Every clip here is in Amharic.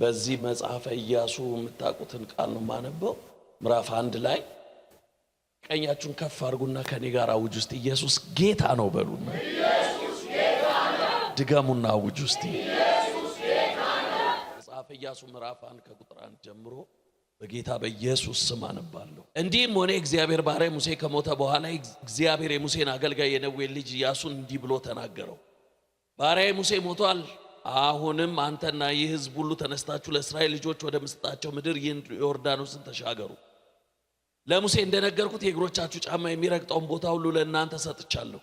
በዚህ መጽሐፈ እያሱ የምታውቁትን ቃል ነው ማነበው ምራፍ አንድ ላይ ቀኛችሁን ከፍ አድርጉና ከኔ ጋር አውጅ ውስጥ ኢየሱስ ጌታ ነው በሉና፣ ድገሙና አውጅ ውስጥ መጽሐፈ እያሱ ምራፍ አንድ ከቁጥር አንድ ጀምሮ በጌታ በኢየሱስ ስም አነባለሁ። እንዲህም ሆነ እግዚአብሔር ባሪያ ሙሴ ከሞተ በኋላ እግዚአብሔር የሙሴን አገልጋይ የነዌን ልጅ እያሱን እንዲህ ብሎ ተናገረው። ባሪያዬ ሙሴ ሞቷል አሁንም አንተና ይህ ህዝብ ሁሉ ተነስታችሁ ለእስራኤል ልጆች ወደ ምስጣቸው ምድር ይህን ዮርዳኖስን ተሻገሩ። ለሙሴ እንደነገርኩት የእግሮቻችሁ ጫማ የሚረግጠውን ቦታ ሁሉ ለእናንተ ሰጥቻለሁ።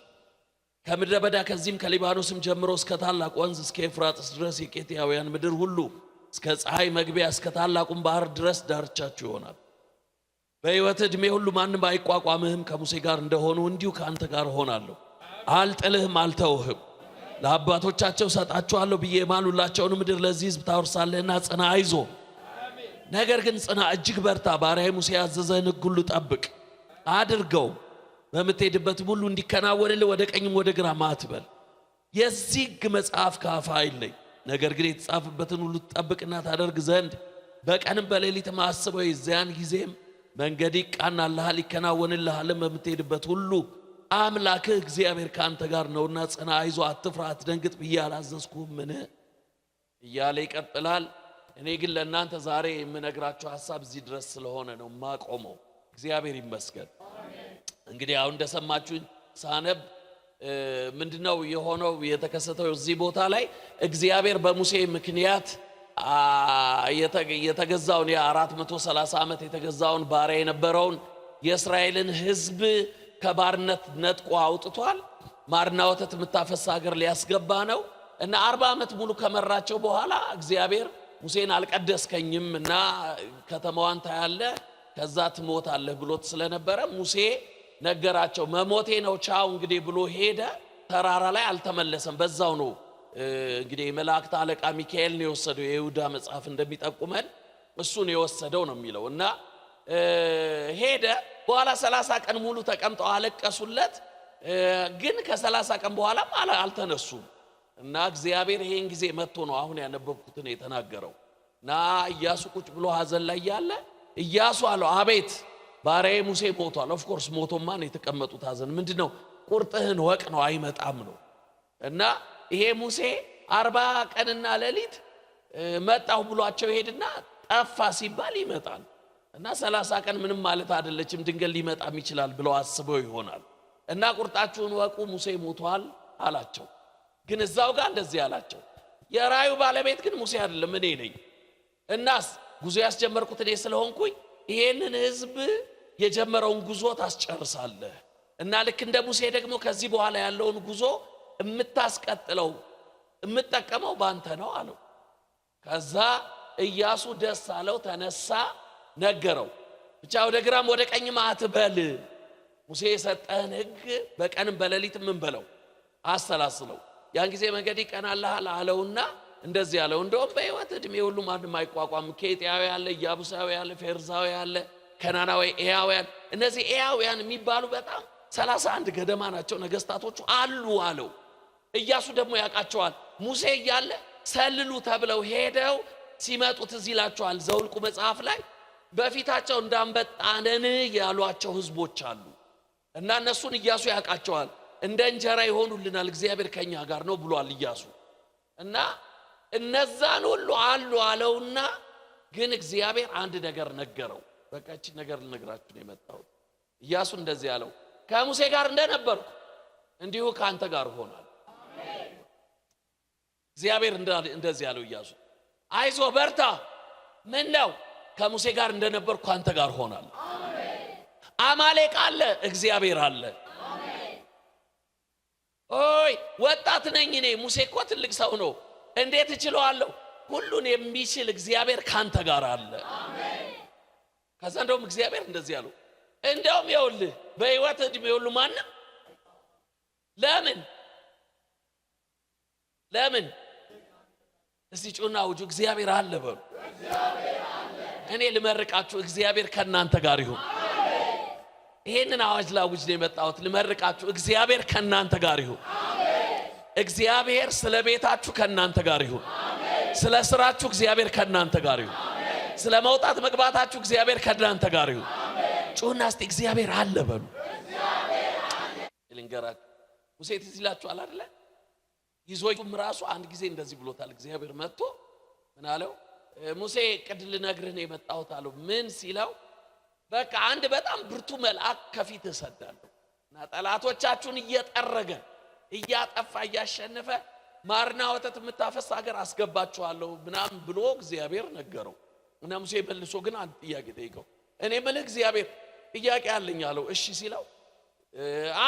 ከምድረ በዳ ከዚህም ከሊባኖስም ጀምሮ እስከ ታላቅ ወንዝ እስከ ኤፍራጥስ ድረስ የቄትያውያን ምድር ሁሉ እስከ ፀሐይ መግቢያ እስከ ታላቁም ባህር ድረስ ዳርቻችሁ ይሆናል። በሕይወት ዕድሜ ሁሉ ማንም አይቋቋምህም። ከሙሴ ጋር እንደሆኑ እንዲሁ ከአንተ ጋር ሆናለሁ። አልጥልህም፣ አልተውህም። ለአባቶቻቸው ሰጣችኋለሁ ብዬ የማሉላቸውን ምድር ለዚህ ህዝብ ታወርሳለህና ጽና፣ አይዞ ነገር ግን ጽና፣ እጅግ በርታ። ባሪያዬ ሙሴ ያዘዘህን ህግ ሁሉ ጠብቅ አድርገው፣ በምትሄድበትም ሁሉ እንዲከናወንልህ ወደ ቀኝም ወደ ግራ ማትበል። የዚህ ህግ መጽሐፍ ከአፍህ አይለይ። ነገር ግን የተጻፈበትን ሁሉ ትጠብቅና ታደርግ ዘንድ በቀንም በሌሊትም አስበው። የዚያን ጊዜም መንገድ ይቃናልሃል፣ ይከናወንልሃልም። በምትሄድበት ሁሉ አምላክህ እግዚአብሔር ከአንተ ጋር ነውና ጽና፣ አይዞ፣ አትፍራ፣ አትደንግጥ ብዬ አላዘዝኩህምን? እያለ ይቀጥላል። እኔ ግን ለእናንተ ዛሬ የምነግራቸው ሀሳብ እዚህ ድረስ ስለሆነ ነው ማቆመው። እግዚአብሔር ይመስገን። እንግዲህ አሁን እንደሰማችሁኝ ሳነብ ምንድነው የሆነው የተከሰተው እዚህ ቦታ ላይ እግዚአብሔር በሙሴ ምክንያት የተገዛውን የ430 ዓመት የተገዛውን ባሪያ የነበረውን የእስራኤልን ሕዝብ ከባርነት ነጥቆ አውጥቷል። ማርና ወተት የምታፈሳ ሀገር ሊያስገባ ነው እና አርባ ዓመት ሙሉ ከመራቸው በኋላ እግዚአብሔር ሙሴን አልቀደስከኝም እና ከተማዋን ታያለ ከዛ ትሞታለህ ብሎት ስለነበረ ሙሴ ነገራቸው። መሞቴ ነው ቻው እንግዲህ ብሎ ሄደ። ተራራ ላይ አልተመለሰም። በዛው ነው እንግዲህ የመላእክት አለቃ ሚካኤል ነው የወሰደው። የይሁዳ መጽሐፍ እንደሚጠቁመን እሱን የወሰደው ነው የሚለው እና ሄደ። በኋላ ሰላሳ ቀን ሙሉ ተቀምጠው አለቀሱለት። ግን ከሰላሳ ቀን በኋላም አልተነሱም እና እግዚአብሔር ይሄን ጊዜ መጥቶ ነው አሁን ያነበብኩትን የተናገረው ና እያሱ ቁጭ ብሎ ሀዘን ላይ ያለ እያሱ አለው አቤት ባሪያዬ ሙሴ ሞቷል። ኦፍኮርስ ሞቶማን የተቀመጡት ሀዘን ምንድን ነው? ቁርጥህን ወቅ ነው አይመጣም ነው እና ይሄ ሙሴ አርባ ቀንና ሌሊት መጣሁ ብሏቸው ይሄድና ጠፋ ሲባል ይመጣል። እና ሰላሳ ቀን ምንም ማለት አይደለችም ድንገት ሊመጣም ይችላል ብለው አስበው ይሆናል። እና ቁርጣችሁን ወቁ ሙሴ ሞቷል አላቸው። ግን እዛው ጋር እንደዚህ አላቸው፣ የራዩ ባለቤት ግን ሙሴ አይደለም እኔ ነኝ። እናስ ጉዞ ያስጀመርኩት እኔ ስለሆንኩኝ ይሄንን ህዝብ የጀመረውን ጉዞ ታስጨርሳለህ እና ልክ እንደ ሙሴ ደግሞ ከዚህ በኋላ ያለውን ጉዞ የምታስቀጥለው የምጠቀመው ባንተ ነው አለው። ከዛ ኢያሱ ደስ አለው፣ ተነሳ ነገረው። ብቻ ወደ ግራም ወደ ቀኝም አትበል፣ ሙሴ የሰጠህን ሕግ በቀንም በሌሊት ምን በለው አሰላስለው። ያን ጊዜ መንገድ ይቀናልሃል አለውና እንደዚህ አለው። እንደውም በሕይወት ዕድሜ ሁሉ ማንም አይቋቋም። ኬጥያዊ አለ፣ ኢያቡሳዊ አለ፣ ፌርዛዊ ያለ፣ ከናናዊ፣ ኤያውያን እነዚህ ኤያውያን የሚባሉ በጣም ሰላሳ አንድ ገደማ ናቸው ነገስታቶቹ አሉ አለው። እያሱ ደግሞ ያውቃቸዋል። ሙሴ እያለ ሰልሉ ተብለው ሄደው ሲመጡ ትዝ ይላቸዋል። ዘውልቁ መጽሐፍ ላይ በፊታቸው እንዳንበጣነን ያሏቸው ህዝቦች አሉ እና እነሱን እያሱ ያውቃቸዋል። እንደ እንጀራ ይሆኑልናል፣ እግዚአብሔር ከኛ ጋር ነው ብሏል እያሱ እና እነዛን ሁሉ አሉ አለውና፣ ግን እግዚአብሔር አንድ ነገር ነገረው። በቃ እቺን ነገር ልነግራችሁ ነው የመጣሁት። እያሱ እንደዚህ ያለው ከሙሴ ጋር እንደነበርኩ እንዲሁ ከአንተ ጋር ሆናል። እግዚአብሔር እንደዚህ ያለው እያሱ አይዞ በርታ። ምን ነው ከሙሴ ጋር እንደነበርኩ አንተ ጋር ሆናል። አማሌቅ አለ፣ እግዚአብሔር አለ። ኦይ ወጣት ነኝ እኔ። ሙሴ እኮ ትልቅ ሰው ነው። እንዴት እችለዋለሁ? ሁሉን የሚችል እግዚአብሔር ካንተ ጋር አለ። ከዛ እንደውም እግዚአብሔር እንደዚህ አለው፣ እንደውም ይኸውልህ በህይወት እድሜ ሁሉ ማንም ለምን ለምን እስቲ ጩና ውጁ እግዚአብሔር አለ በሉ እኔ ልመርቃችሁ፣ እግዚአብሔር ከእናንተ ጋር ይሁን። ይህንን አዋጅ ላውጅ ነው የመጣሁት። ልመርቃችሁ፣ እግዚአብሔር ከእናንተ ጋር ይሁን። እግዚአብሔር ስለ ቤታችሁ ከእናንተ ጋር ይሁን። ስለ ስራችሁ እግዚአብሔር ከእናንተ ጋር ይሁን። ስለ መውጣት መግባታችሁ እግዚአብሔር ከእናንተ ጋር ይሁን። ጩና እስቲ እግዚአብሔር አለ በሉ። ልንገራችሁ ሙሴ ትዝ ይላችኋል አይደለ? ይዞም ራሱ አንድ ጊዜ እንደዚህ ብሎታል። እግዚአብሔር መጥቶ ምን አለው? ሙሴ ቅድ ልነግርህ ነው የመጣሁት አለው። ምን ሲለው በቃ አንድ በጣም ብርቱ መልአክ ከፊት እሰዳለሁ እና ጠላቶቻችሁን እየጠረገ እያጠፋ እያሸነፈ ማርና ወተት የምታፈስ ሀገር አስገባችኋለሁ ምናምን ብሎ እግዚአብሔር ነገረው እና ሙሴ መልሶ ግን አንድ ጥያቄ ጠይቀው፣ እኔ ምልህ እግዚአብሔር ጥያቄ አለኝ አለው። እሺ ሲለው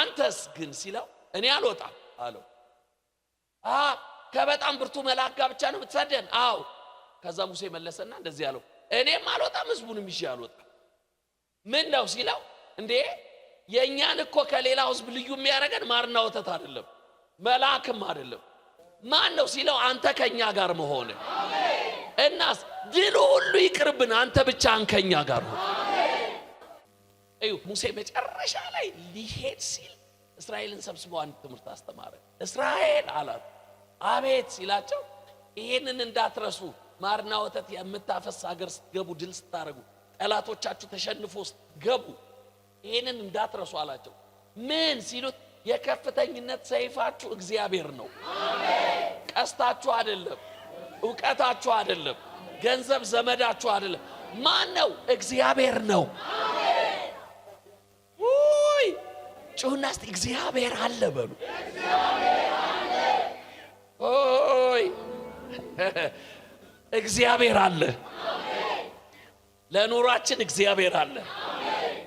አንተስ ግን ሲለው እኔ አልወጣም አለው። ከበጣም ብርቱ መልአክ ጋር ብቻ ነው የምትሰደን? አዎ ከዛ ሙሴ መለሰና እንደዚህ ያለው እኔም አልወጣም ህዝቡንም ይዤ አልወጣም። ምን ነው ሲለው እንዴ የእኛን እኮ ከሌላ ህዝብ ልዩ የሚያደርገን ማርና ወተት አይደለም፣ መልአክም አይደለም። ማን ነው ሲለው አንተ ከኛ ጋር መሆን እናስ ድሉ ሁሉ ይቅርብን፣ አንተ ብቻ ከኛ ጋር ሁን። እዩ ሙሴ መጨረሻ ላይ ሊሄድ ሲል እስራኤልን ሰብስቦ አንድ ትምህርት አስተማረ። እስራኤል አላት አቤት ሲላቸው ይሄንን እንዳትረሱ ማርና ወተት የምታፈስ ሀገር ስትገቡ ድል ስታደርጉ ጠላቶቻችሁ ተሸንፎ ስትገቡ ይህንን እንዳትረሱ አላቸው። ምን ሲሉት የከፍተኝነት ሰይፋችሁ እግዚአብሔር ነው። ቀስታችሁ አይደለም፣ እውቀታችሁ አይደለም፣ ገንዘብ ዘመዳችሁ አይደለም። ማን ነው? እግዚአብሔር ነው። ውይ ጩሁና እስቲ እግዚአብሔር አለ በሉ። እግዚአብሔር አለ። ለኑሯችን እግዚአብሔር አለ።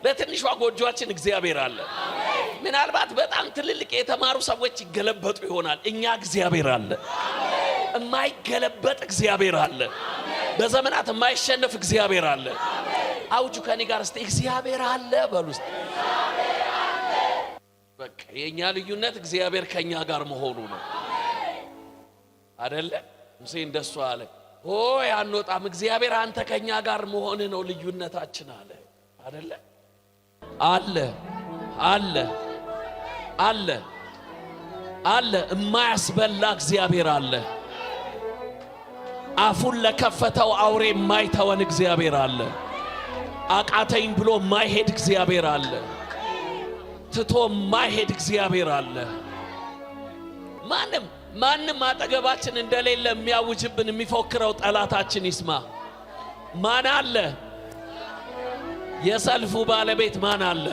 ለትንሿ ጎጆችን እግዚአብሔር አለ። ምናልባት በጣም ትልልቅ የተማሩ ሰዎች ይገለበጡ ይሆናል። እኛ እግዚአብሔር አለ። የማይገለበጥ እግዚአብሔር አለ። በዘመናት የማይሸነፍ እግዚአብሔር አለ። አውጁ ከኔ ጋር እስቲ እግዚአብሔር አለ በሉ። እስቲ በቃ የእኛ ልዩነት እግዚአብሔር ከእኛ ጋር መሆኑ ነው አደለ? ሙሴ እንደሱ አለ። ሆይ አንወጣም፣ እግዚአብሔር አንተ ከኛ ጋር መሆን ነው ልዩነታችን አለ። አደለ አለ አለ አለ አለ። የማያስበላ እግዚአብሔር አለ። አፉን ለከፈተው አውሬ የማይተወን እግዚአብሔር አለ። አቃተኝ ብሎ ማይሄድ እግዚአብሔር አለ። ትቶ ማይሄድ እግዚአብሔር አለ። ማንም ማንም አጠገባችን እንደሌለ የሚያውጅብን የሚፎክረው ጠላታችን ይስማ። ማን አለ? የሰልፉ ባለቤት ማን አለ?